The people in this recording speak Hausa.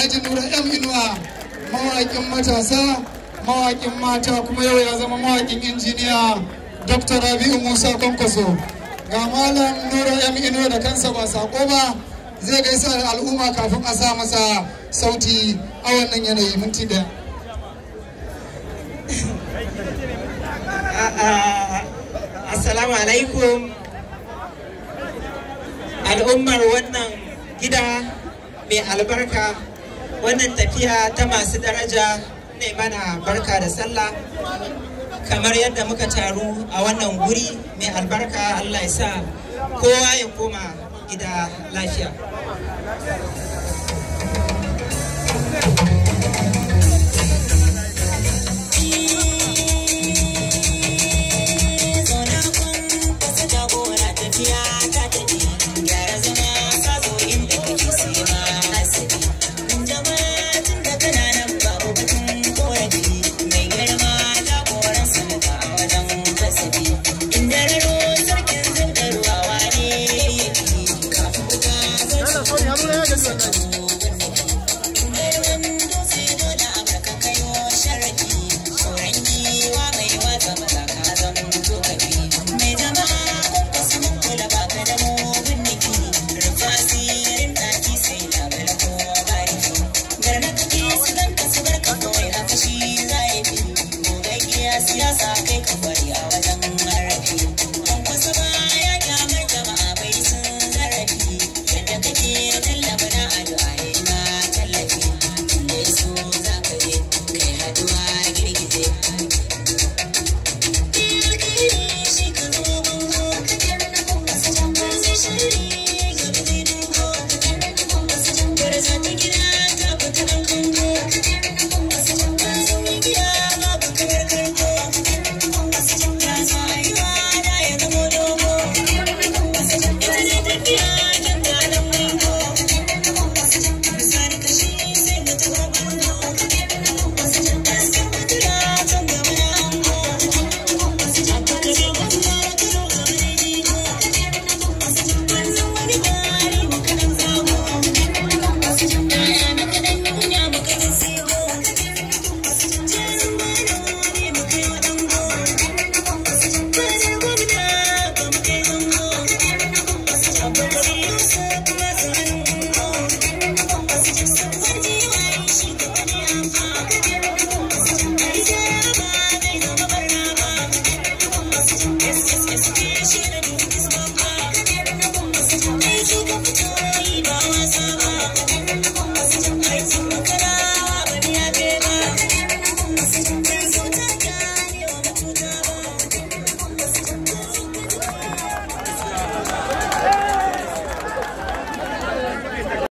Haji Nura M Inuwa mawaƙin matasa mawaƙin mata kuma yau ya zama mawakin injiniya Dr. Rabi'u Musa Kwankwaso ga Malam Nura yan Inuwa da kansa ba sako ba zai gaisa da al'umma kafin a sa masa sauti a wannan yanayi minti da Assalamu alaikum al'ummar wannan gida mai albarka wannan tafiya ta masu daraja ne mana barka da sallah kamar yadda muka taru a wannan guri mai albarka allah ya sa kowa ya koma gida lafiya Yeah.